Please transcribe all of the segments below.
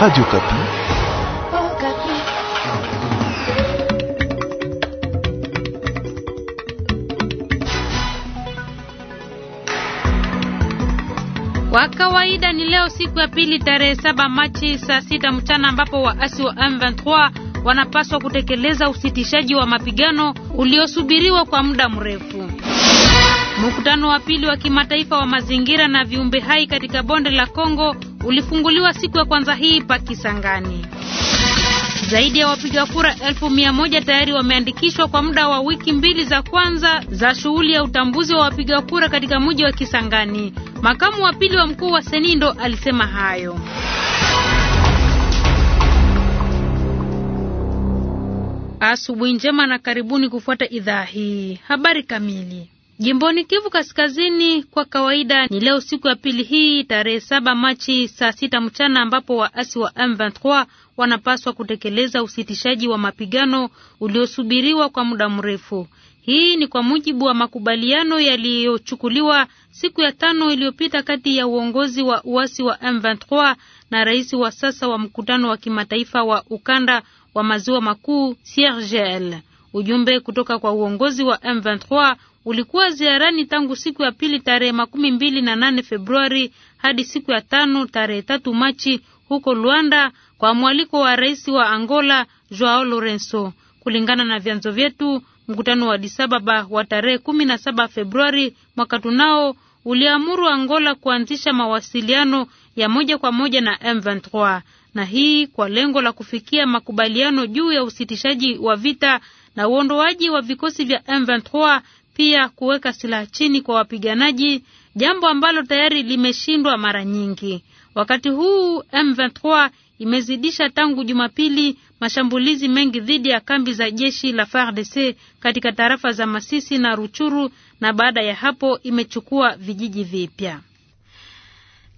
Radio Kapi. Oh, Kapi. Kwa kawaida ni leo siku ya pili tarehe saba Machi saa sita mchana ambapo waasi wa M23 wanapaswa kutekeleza usitishaji wa mapigano uliosubiriwa kwa muda mrefu. Mkutano wa pili wa kimataifa wa mazingira na viumbe hai katika bonde la Kongo ulifunguliwa siku ya kwanza hii pa Kisangani. Zaidi ya wapiga kura elfu mia moja tayari wameandikishwa kwa muda wa wiki mbili za kwanza za shughuli ya utambuzi wa wapiga kura katika mji wa Kisangani. Makamu wa pili wa mkuu wa Senindo alisema hayo. Asubuhi njema na karibuni kufuata idhaa hii. Habari kamili. Jimboni Kivu Kaskazini kwa kawaida ni leo siku ya pili hii tarehe saba Machi saa sita mchana ambapo waasi wa M23 wanapaswa kutekeleza usitishaji wa mapigano uliosubiriwa kwa muda mrefu. Hii ni kwa mujibu wa makubaliano yaliyochukuliwa siku ya tano iliyopita kati ya uongozi wa uasi wa M23 na rais wa sasa wa mkutano wa kimataifa wa ukanda wa maziwa makuu CIRGL. Ujumbe kutoka kwa uongozi wa M23 ulikuwa ziarani tangu siku ya pili tarehe makumi mbili na nane Februari hadi siku ya tano tarehe tatu Machi huko Luanda kwa mwaliko wa rais wa Angola Joao Lorenzo. Kulingana na vyanzo vyetu, mkutano wa Addis Ababa wa tarehe kumi na saba Februari mwaka tunao uliamuru Angola kuanzisha mawasiliano ya moja kwa moja na M23 na hii kwa lengo la kufikia makubaliano juu ya usitishaji wa vita na uondoaji wa vikosi vya M23 pia kuweka silaha chini kwa wapiganaji, jambo ambalo tayari limeshindwa mara nyingi. Wakati huu M23 imezidisha tangu Jumapili mashambulizi mengi dhidi ya kambi za jeshi la FARDC katika tarafa za Masisi na Ruchuru na baada ya hapo imechukua vijiji vipya.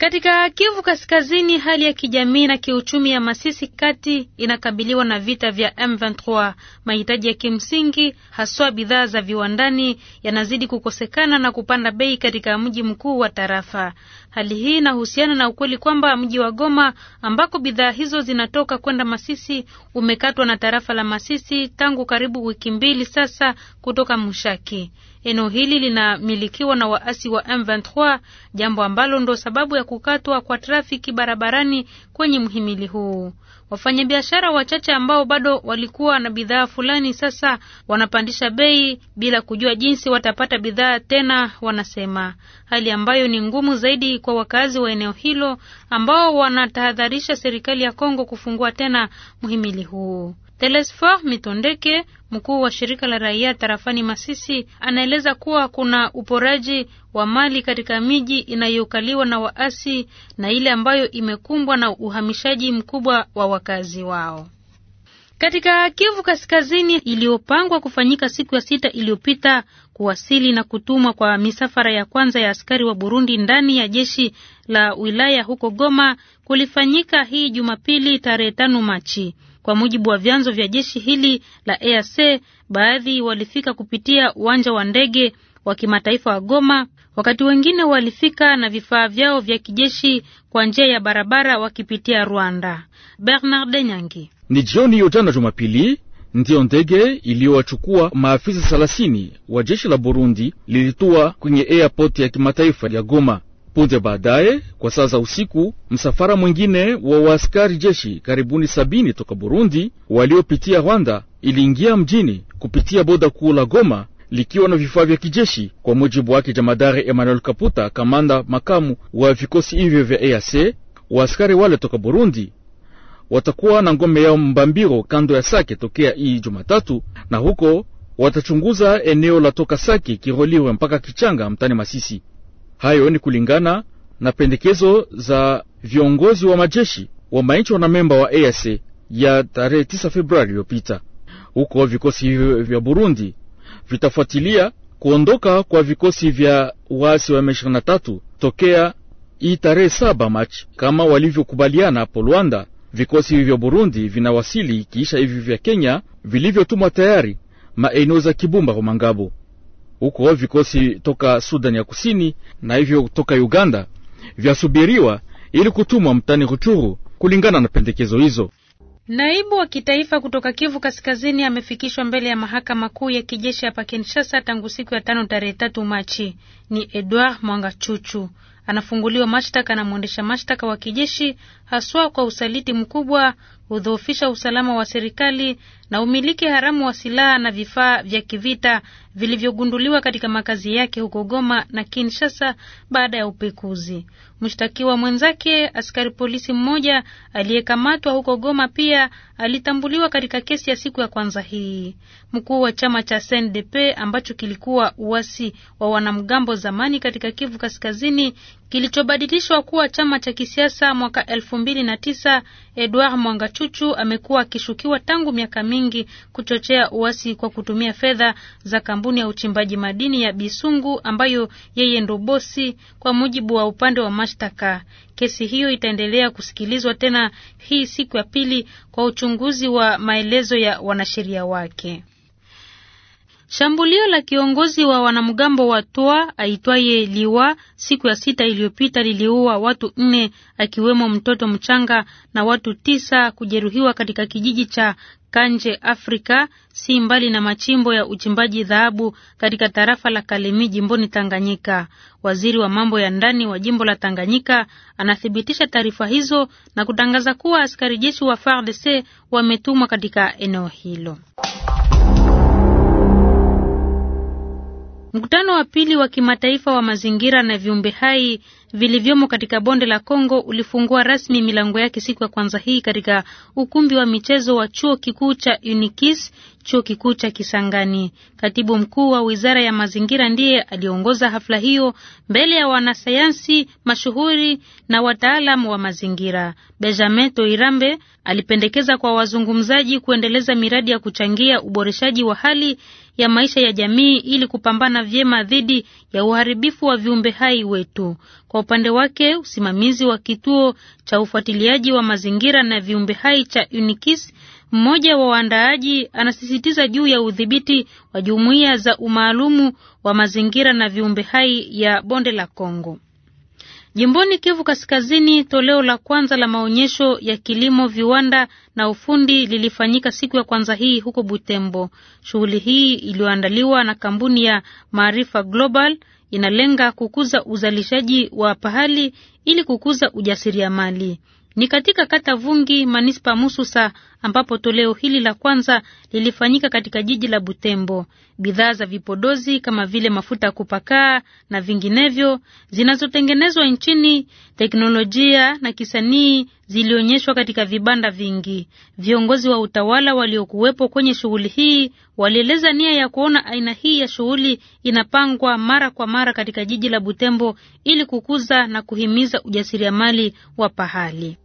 Katika Kivu Kaskazini, hali ya kijamii na kiuchumi ya Masisi Kati inakabiliwa na vita vya M23. Mahitaji ya kimsingi haswa bidhaa za viwandani yanazidi kukosekana na kupanda bei katika mji mkuu wa tarafa. Hali hii inahusiana na ukweli kwamba mji wa Goma ambako bidhaa hizo zinatoka kwenda Masisi umekatwa na tarafa la Masisi tangu karibu wiki mbili sasa kutoka Mushaki. Eneo hili linamilikiwa na waasi wa M23, jambo ambalo ndo sababu ya kukatwa kwa trafiki barabarani kwenye mhimili huu. Wafanyabiashara wachache ambao bado walikuwa na bidhaa fulani sasa wanapandisha bei bila kujua jinsi watapata bidhaa tena, wanasema, hali ambayo ni ngumu zaidi kwa wakazi wa eneo hilo ambao wanatahadharisha serikali ya Kongo kufungua tena mhimili huu. Telesfor Mitondeke, mkuu wa shirika la raia tarafani Masisi, anaeleza kuwa kuna uporaji wa mali katika miji inayokaliwa na waasi na ile ambayo imekumbwa na uhamishaji mkubwa wa wakazi wao. Katika Kivu Kaskazini iliyopangwa kufanyika siku ya sita iliyopita, kuwasili na kutumwa kwa misafara ya kwanza ya askari wa Burundi ndani ya jeshi la wilaya huko Goma kulifanyika hii Jumapili tarehe tano Machi. Kwa mujibu wa vyanzo vya jeshi hili la EAC, baadhi walifika kupitia uwanja wa ndege wa kimataifa wa Goma, wakati wengine walifika na vifaa vyao vya kijeshi kwa njia ya barabara wakipitia Rwanda. Bernard Nyangi. Ni jioni ya jana Jumapili ndiyo ndege iliyowachukua maafisa 30 wa jeshi la Burundi lilitua kwenye airport ya kimataifa ya Goma punde baadaye, kwa saa za usiku, msafara mwingine wa waaskari jeshi karibuni sabini toka Burundi waliopitia Rwanda iliingia mjini kupitia boda kuu la Goma likiwa na vifaa vya kijeshi. Kwa mujibu wake jamadari Emmanuel Kaputa, kamanda makamu wa vikosi hivyo vya EAC, waaskari wale toka Burundi watakuwa na ngome yao Mbambiro kando ya Sake tokea hii Jumatatu, na huko watachunguza eneo la toka Sake Kiroliwe mpaka Kichanga mtani Masisi. Hayo ni kulingana na pendekezo za viongozi wa majeshi wa mainchi memba wa EAC ya tarehe 9 Februari iliyopita. Huko vikosi hivyo vya Burundi vitafuatilia kuondoka kwa vikosi vya waasi wa M23 tokea hii tarehe 7 Machi kama walivyokubaliana hapo Luanda. Vikosi hivyo vya Burundi vinawasili kiisha hivi vya Kenya vilivyotumwa tayari maeneo za Kibumba kwa Mangabo huko vikosi toka Sudan ya Kusini na hivyo toka Uganda vyasubiriwa ili kutumwa mtani Ruchuru kulingana na pendekezo hizo. Naibu wa kitaifa kutoka Kivu Kaskazini amefikishwa mbele ya mahakama kuu ya kijeshi hapa Kinshasa tangu siku ya tano tarehe tatu Machi. Ni Edouard chuchu anafunguliwa mashtaka na mwendesha mashtaka wa kijeshi haswa kwa usaliti mkubwa hudhoofisha usalama wa serikali na umiliki haramu wa silaha na vifaa vya kivita vilivyogunduliwa katika makazi yake huko Goma na Kinshasa baada ya upekuzi. Mshtakiwa mwenzake, askari polisi mmoja aliyekamatwa huko Goma, pia alitambuliwa katika kesi ya siku ya kwanza hii. Mkuu wa chama cha CNDP ambacho kilikuwa uasi wa wanamgambo zamani katika Kivu Kaskazini kilichobadilishwa kuwa chama cha kisiasa mwaka elfu mbili na tisa Chuchu amekuwa akishukiwa tangu miaka mingi kuchochea uasi kwa kutumia fedha za kampuni ya uchimbaji madini ya Bisungu ambayo yeye ndo bosi, kwa mujibu wa upande wa mashtaka. Kesi hiyo itaendelea kusikilizwa tena hii siku ya pili kwa uchunguzi wa maelezo ya wanasheria wake. Shambulio la kiongozi wa wanamgambo wa Toa aitwaye Liwa siku ya sita iliyopita liliua watu nne akiwemo mtoto mchanga na watu tisa kujeruhiwa katika kijiji cha Kanje Afrika si mbali na machimbo ya uchimbaji dhahabu katika tarafa la Kalemi jimboni Tanganyika. Waziri wa mambo ya ndani wa jimbo la Tanganyika anathibitisha taarifa hizo na kutangaza kuwa askari jeshi wa FARDC wametumwa katika eneo hilo. Mkutano wa pili wa kimataifa wa mazingira na viumbe hai vilivyomo katika bonde la Kongo ulifungua rasmi milango yake siku ya kwanza hii katika ukumbi wa michezo wa chuo kikuu cha Unikis, chuo kikuu cha Kisangani. Katibu mkuu wa wizara ya mazingira ndiye aliongoza hafla hiyo mbele ya wanasayansi mashuhuri na wataalamu wa mazingira. Benjamin Toirambe alipendekeza kwa wazungumzaji kuendeleza miradi ya kuchangia uboreshaji wa hali ya maisha ya jamii ili kupambana vyema dhidi ya uharibifu wa viumbe hai wetu. Kwa upande wake, usimamizi wa kituo cha ufuatiliaji wa mazingira na viumbe hai cha UNIKIS, mmoja wa waandaaji, anasisitiza juu ya udhibiti wa jumuiya za umaalumu wa mazingira na viumbe hai ya bonde la Kongo. Jimboni Kivu Kaskazini, toleo la kwanza la maonyesho ya kilimo, viwanda na ufundi lilifanyika siku ya kwanza hii huko Butembo. Shughuli hii iliyoandaliwa na kampuni ya Maarifa Global inalenga kukuza uzalishaji wa pahali ili kukuza ujasiriamali. Ni katika kata Vungi, manispa Mususa, ambapo toleo hili la kwanza lilifanyika katika jiji la Butembo. Bidhaa za vipodozi kama vile mafuta ya kupakaa na vinginevyo zinazotengenezwa nchini, teknolojia na kisanii zilionyeshwa katika vibanda vingi. Viongozi wa utawala waliokuwepo kwenye shughuli hii walieleza nia ya kuona aina hii ya shughuli inapangwa mara kwa mara katika jiji la Butembo ili kukuza na kuhimiza ujasiriamali wa pahali.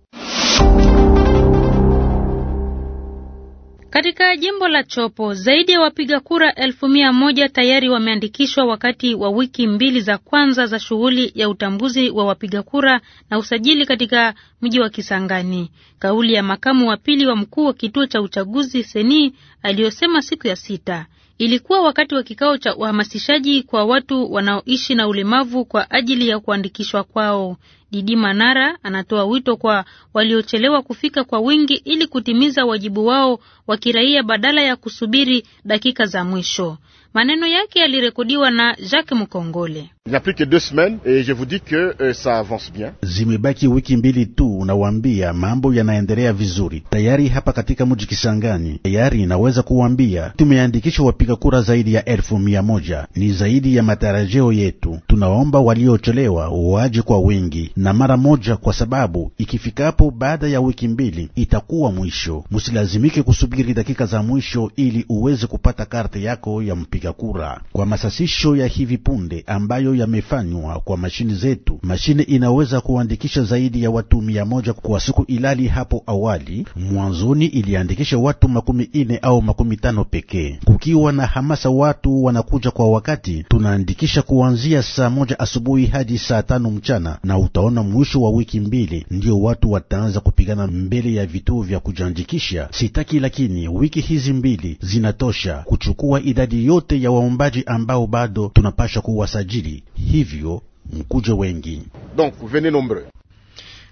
Katika jimbo la Chopo zaidi ya wapiga kura elfu mia moja tayari wameandikishwa wakati wa wiki mbili za kwanza za shughuli ya utambuzi wa wapiga kura na usajili katika mji wa Kisangani. Kauli ya makamu wa pili wa mkuu wa kituo cha uchaguzi Seni aliyosema siku ya sita. Ilikuwa wakati wa kikao cha uhamasishaji kwa watu wanaoishi na ulemavu kwa ajili ya kuandikishwa kwao. Didi Manara anatoa wito kwa waliochelewa kufika kwa wingi ili kutimiza wajibu wao wa kiraia badala ya kusubiri dakika za mwisho. Maneno yake yalirekodiwa na Jacques Mukongole. Euh, Zimebaki wiki mbili tu, unawambia mambo yanaendelea vizuri tayari. Hapa katika mji Kisangani tayari inaweza kuwambia tumeandikisha wapiga kura zaidi ya elfu mia moja. Ni zaidi ya matarajio yetu. Tunaomba waliochelewa waje kwa wingi na mara moja, kwa sababu ikifikapo baada ya wiki mbili itakuwa mwisho. Musilazimike kusubiri dakika za mwisho ili uweze kupata karte yako ya mpiga kupiga kura. Kwa masasisho ya hivi punde ambayo yamefanywa kwa mashine zetu, mashine inaweza kuandikisha zaidi ya watu mia moja kwa siku, ilali hapo awali mwanzoni iliandikisha watu makumi ine au makumi tano pekee. Kukiwa na hamasa, watu wanakuja kwa wakati, tunaandikisha kuanzia saa moja asubuhi hadi saa tano mchana, na utaona mwisho wa wiki mbili ndio watu wataanza kupigana mbele ya vituo vya kujiandikisha. Sitaki, lakini wiki hizi mbili zinatosha kuchukua idadi yote yote ya waombaji ambao bado tunapasha kuwasajili, hivyo mkuje wengi. Donc, venez nombreux.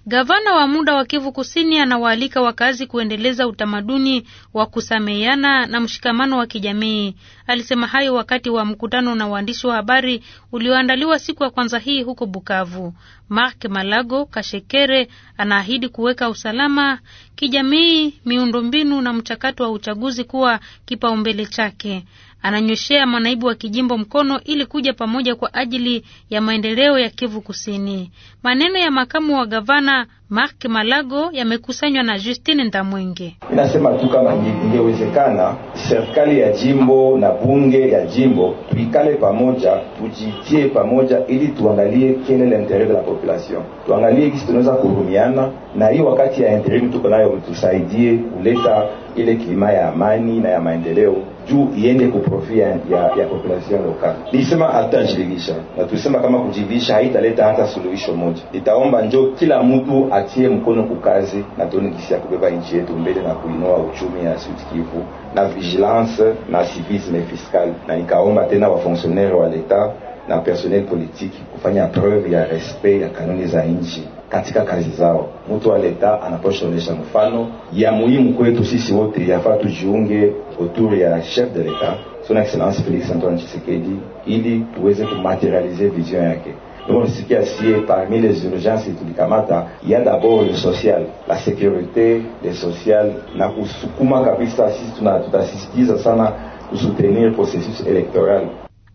Gavana wa muda wa Kivu Kusini anawaalika wakazi kuendeleza utamaduni wa kusameheana na mshikamano wa kijamii. Alisema hayo wakati wa mkutano na waandishi wa habari ulioandaliwa siku ya kwanza hii huko Bukavu. Mark Malago Kashekere anaahidi kuweka usalama kijamii, miundombinu na mchakato wa uchaguzi kuwa kipaumbele chake ananyoshea manaibu wa kijimbo mkono ili kuja pamoja kwa ajili ya maendeleo ya Kivu Kusini. Maneno ya makamu wa gavana Mark Malago yamekusanywa na Justine Ndamwenge. Inasema tu kama ingewezekana serikali ya jimbo na bunge ya jimbo tuikale pamoja, tujitie pamoja, ili tuangalie kile la de la population, tuangalie kisi tunaweza kuhurumiana na hii wakati ya interim tuko nayo, tusaidie kuleta ile klima ya amani na ya maendeleo juu iende kuprofia ya, ya population lokali. Nilisema hatutajiridhisha na tulisema kama kujiridhisha haitaleta hata suluhisho moja. Nitaomba njo kila mtu atie mkono kukazi na tuone gisi ya kubeba nchi yetu mbele na kuinua uchumi ya Sud Kivu na vigilance na civisme fiscal, na nikaomba tena wafonksionnaire wa leta na personnel politique kufanya preuve ya respect ya kanuni za nchi katika kazi zao. Mtu wa leta anapaswa onyesha mfano ya muhimu kwetu sisi wote, yafaa tujiunge autour ya chef de l'etat son excellence Felix Antoine Tshisekedi ili tuweze kumaterialize vision yake. Tunasikia sie parmi les urgences tulikamata ya d'abord le social, la sécurité, le social na kusukuma kabisa, sisi tutasisitiza sana kusutenir processus électoral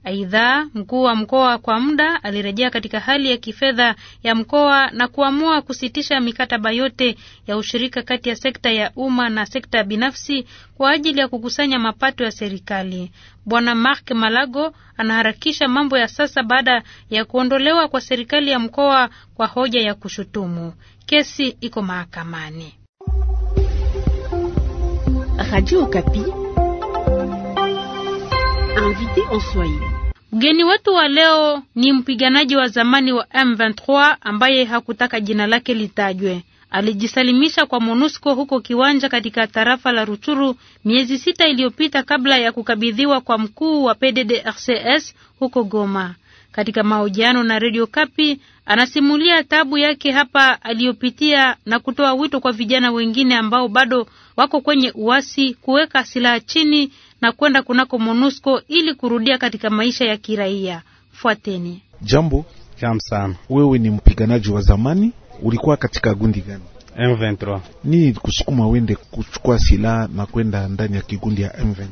Aidha, mkuu wa mkoa kwa muda alirejea katika hali ya kifedha ya mkoa na kuamua kusitisha mikataba yote ya ushirika kati ya sekta ya umma na sekta binafsi kwa ajili ya kukusanya mapato ya serikali. Bwana Mark Malago anaharakisha mambo ya sasa baada ya kuondolewa kwa serikali ya mkoa kwa hoja ya kushutumu. Kesi iko mahakamani. Radio Invité en Mgeni wetu wa leo ni mpiganaji wa zamani wa M23 ambaye hakutaka jina lake litajwe. Alijisalimisha kwa MONUSCO huko Kiwanja katika tarafa la Ruchuru miezi sita iliyopita kabla ya kukabidhiwa kwa mkuu wa PDDRCS huko Goma katika mahojiano na Radio Kapi anasimulia tabu yake hapa aliyopitia na kutoa wito kwa vijana wengine ambao bado wako kwenye uasi kuweka silaha chini na kwenda kunako MONUSCO ili kurudia katika maisha ya kiraia. Fuateni. Jambo. Jambo sana. Wewe ni mpiganaji wa zamani, ulikuwa katika gundi gani? M23. Ni kusukuma wende kuchukua silaha na kwenda ndani ya kigundi ya M23?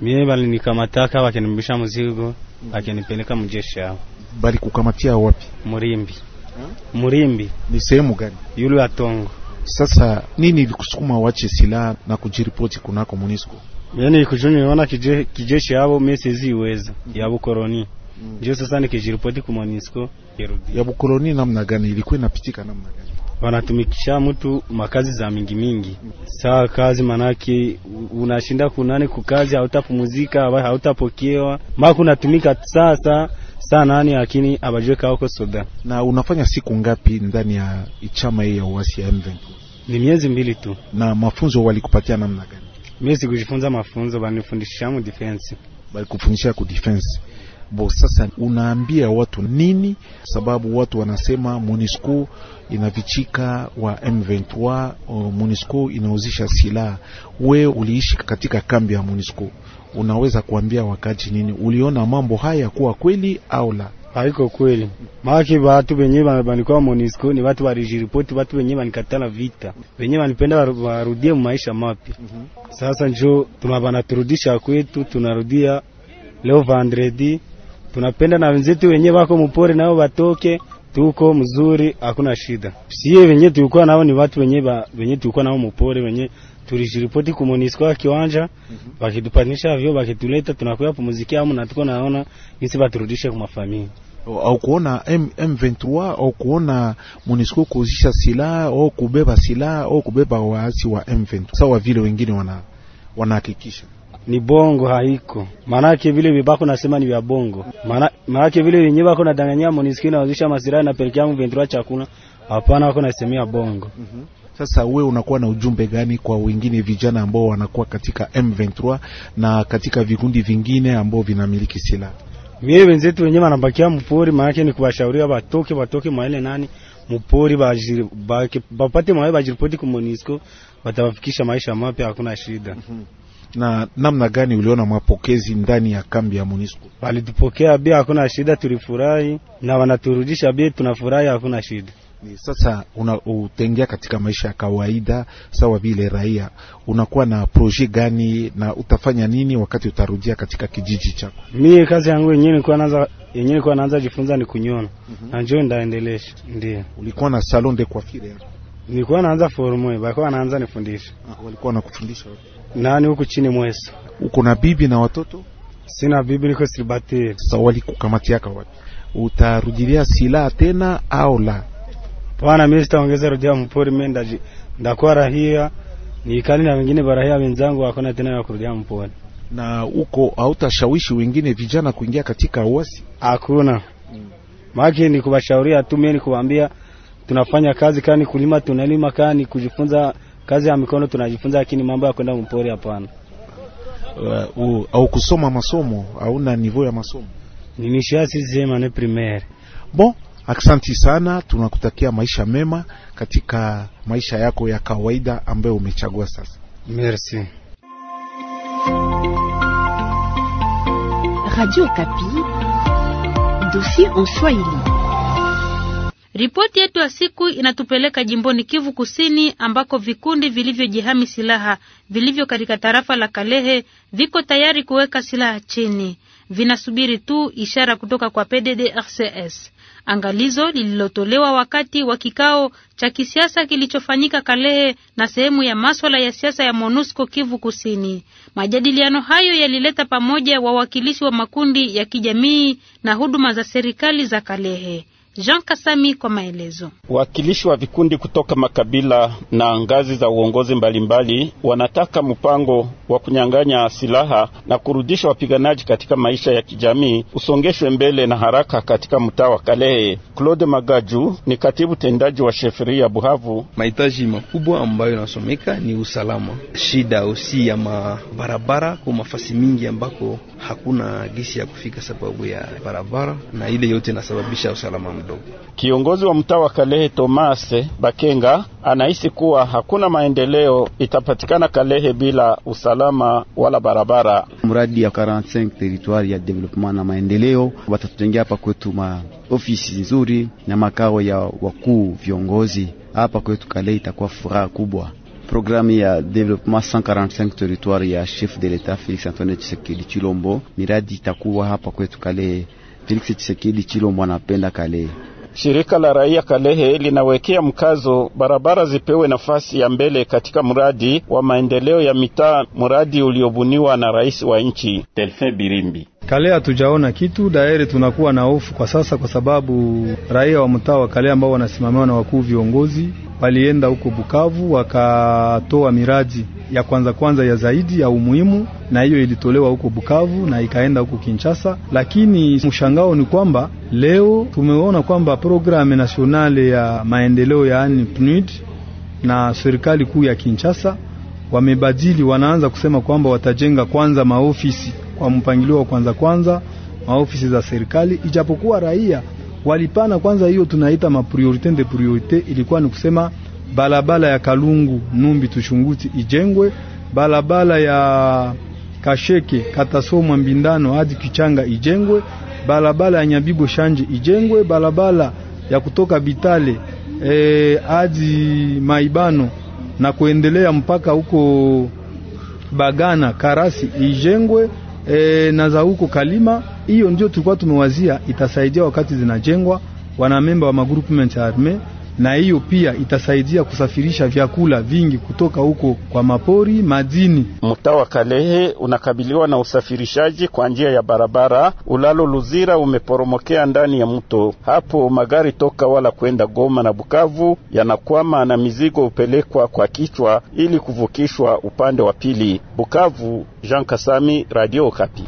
mie bali nikamataka wakinibisha mzigo wakinipeleka mjeshi yao. Bali kukamatia wapi? Murimbi. Ha? Murimbi ni sehemu gani? Yule Tongo. Sasa nini ilikusukuma wache silaha na kujiripoti kunako Munisco? Yani kujuni naona kije, kijeshi yao mesezi iweza mm -hmm. ya bukoroni mm -hmm. Ndio sasa nikijiripoti ku Munisco ya bukoroni. Namna gani ilikuwa inapitika namna gani? wanatumikisha mtu makazi za mingi mingi, saa kazi manake unashinda kunani kukazi, hautapumuzika hautapokewa maka unatumika sasa saa nani, lakini abajue kaoko soda. Na unafanya siku ngapi ndani ya chama hii ya uasi ya M23? Ni miezi mbili tu. Na mafunzo walikupatia namna gani? Mimi sikujifunza mafunzo, banifundisha mu defense, balikufundisha ku defense Bo sasa unaambia watu nini? Sababu watu wanasema MONUSCO inavichika wa M23, MONUSCO inauzisha silaha. We uliishi katika kambi ya MONUSCO, unaweza kuambia wakaji nini? Uliona mambo haya kuwa kweli au la? Haiko kweli maki, batu benye banikuwa MONUSCO ni batu barijiripoti, batu benye banikatala vita, benye banipenda barudie mu maisha mapya. Mhm. Sasa njo tunabanaturudisha kwetu, tunarudia leo vendredi tunapenda na wenzetu wenye wako mpore nao watoke, tuko mzuri, hakuna shida. Sie wenye tulikuwa nao ni watu wenye ba, wenye tulikuwa nao mpore wenye tulijiripoti ku MONUSCO kiwanja wakitupanisha mhm. vyo wakituleta, tunakuya pumuzikia amu na tuko naona jinsi baturudishe kwa mafamilia au kuona M, M23 au kuona MONUSCO kuzisha silaha au kubeba silaha au kubeba waasi wa M23 sawa vile wengine wana wanahakikisha ni bongo haiko, maanake vile vibako nasema ni vya bongo, maanake vile yenye bako nadanganyia MONUSCO na wazisha masiraha na pelekea yangu ventura chakula, hapana, wako nasemea bongo. mm -hmm. Sasa we unakuwa na ujumbe gani kwa wengine vijana ambao wanakuwa katika M23 na katika vikundi vingine ambao vinamiliki silaha? Mie wenzetu wenyewe wanabakia mpori, maanake ni kuwashauria watoke watoke mwaele nani mpori bapate mawe bajiripoti ku MONUSCO, watawafikisha maisha mapya, hakuna shida. mm -hmm na namna gani uliona mapokezi ndani ya kambi ya Munisco? Walitupokea bia, hakuna shida, tulifurahi na wanaturudisha bia, tunafurahi, hakuna shida. Ni sasa utengea katika maisha ya kawaida sawa vile raia, unakuwa na proje gani na utafanya nini wakati utarudia katika kijiji chako? Mimi kazi yangu yenyewe nilikuwa naanza yenyewe nilikuwa naanza jifunza ni kunyona mm -hmm. na njoo ndaendelesha. Ndio ulikuwa na salon de coiffure yako? Nilikuwa naanza formo, bako wanaanza nifundisha. Ah, walikuwa nakufundisha wapi? nani huku chini mwezi. Uko na bibi na watoto? Sina bibi, niko Silibate. Sasa walikukamatiaka watu. Utarudilia silaha tena au la? Bwana, mimi sitaongeza rudia mpori, mimi ndaji ndakuwa rahia ni ikali na wengine barahia wenzangu, hakuna tena ya kurudia mpori. Na uko hautashawishi wengine vijana kuingia katika uasi? Hakuna Maki ni kubashauria tu, mimi ni kuambia tunafanya kazi kani kulima, tunalima kani kujifunza kazi ya mikono tunajifunza, lakini mambo ya kwenda mpori hapana. Uh, uh, au kusoma masomo hauna niveau ya masomo nimeshia sisema ne primaire. Bon, aksanti sana, tunakutakia maisha mema katika maisha yako ya kawaida ambayo umechagua sasa. Merci. Radio Kapi, dossier en Swahili. Ripoti yetu ya siku inatupeleka jimboni Kivu Kusini ambako vikundi vilivyojihami silaha vilivyo katika tarafa la Kalehe viko tayari kuweka silaha chini, vinasubiri tu ishara kutoka kwa PDDRCS. Angalizo lililotolewa wakati wa kikao cha kisiasa kilichofanyika Kalehe na sehemu ya maswala ya siasa ya MONUSCO Kivu Kusini. Majadiliano hayo yalileta pamoja wawakilishi wa makundi ya kijamii na huduma za serikali za Kalehe. Jean Kasami kwa maelezo. Wakilishi wa vikundi kutoka makabila na ngazi za uongozi mbalimbali mbali, wanataka mpango wa kunyang'anya silaha na kurudisha wapiganaji katika maisha ya kijamii usongeshwe mbele na haraka katika mtaa wa Kalehe. Claude Magaju ni katibu tendaji wa sheferi ya Buhavu. Mahitaji makubwa ambayo yanasomeka ni usalama, shida usi ya mabarabara kwa mafasi mingi ambako hakuna gisi ya kufika sababu ya barabara, na ile yote inasababisha usalama bado. Kiongozi wa mtaa wa Kalehe Thomas Bakenga anahisi kuwa hakuna maendeleo itapatikana Kalehe bila usalama wala barabara. Mradi ya 45 territoire ya development na maendeleo watatutengea hapa kwetu ma ofisi nzuri na makao ya wakuu viongozi hapa kwetu Kalehe, itakuwa furaha kubwa. Programu ya development 145 territoire ya chef de l'etat Felix Antoine Tshisekedi Chilombo, miradi itakuwa hapa kwetu Kalehe. Felix Tshisekedi Chilombo anapenda Kalehe. Shirika la raia Kalehe linawekea mkazo barabara zipewe nafasi ya mbele katika mradi wa maendeleo ya mitaa, mradi uliobuniwa na rais wa nchi Delphin Birimbi. Kale hatujaona kitu daeri, tunakuwa na hofu kwa sasa, kwa sababu raia wa mtaa wa Kale ambao wanasimamiwa na wakuu viongozi walienda huko Bukavu wakatoa miraji ya kwanza kwanza ya zaidi ya umuhimu, na hiyo ilitolewa huko Bukavu na ikaenda huko Kinshasa. Lakini mshangao ni kwamba leo tumeona kwamba programu nationale ya maendeleo yaani PNUD na serikali kuu ya Kinshasa wamebadili, wanaanza kusema kwamba watajenga kwanza maofisi kwa mpangilio wa kwanza kwanza, maofisi za serikali, ijapokuwa raia walipana kwanza. Hiyo tunaita mapriorite de priorite, ilikuwa ni kusema balabala ya Kalungu Numbi Tushunguti ijengwe, balabala ya Kasheke Katasomwa Mbindano hadi Kichanga ijengwe, balabala ya Nyabibo Shanje ijengwe, balabala ya kutoka Bitale eh, hadi Maibano na kuendelea mpaka huko Bagana Karasi ijengwe e, na za huko Kalima. Hiyo ndio tulikuwa tumewazia itasaidia wakati zinajengwa wanamemba wa magroupement arme na hiyo pia itasaidia kusafirisha vyakula vingi kutoka huko kwa mapori madini. Mtaa wa Kalehe unakabiliwa na usafirishaji kwa njia ya barabara. Ulalo Luzira umeporomokea ndani ya mto, hapo magari toka wala kwenda Goma na Bukavu yanakwama na mizigo hupelekwa kwa kichwa ili kuvukishwa upande wa pili. Bukavu, Jean Kasami, Radio Kapi.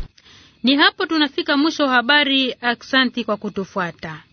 Ni hapo tunafika mwisho wa habari. Aksanti kwa kutufuata.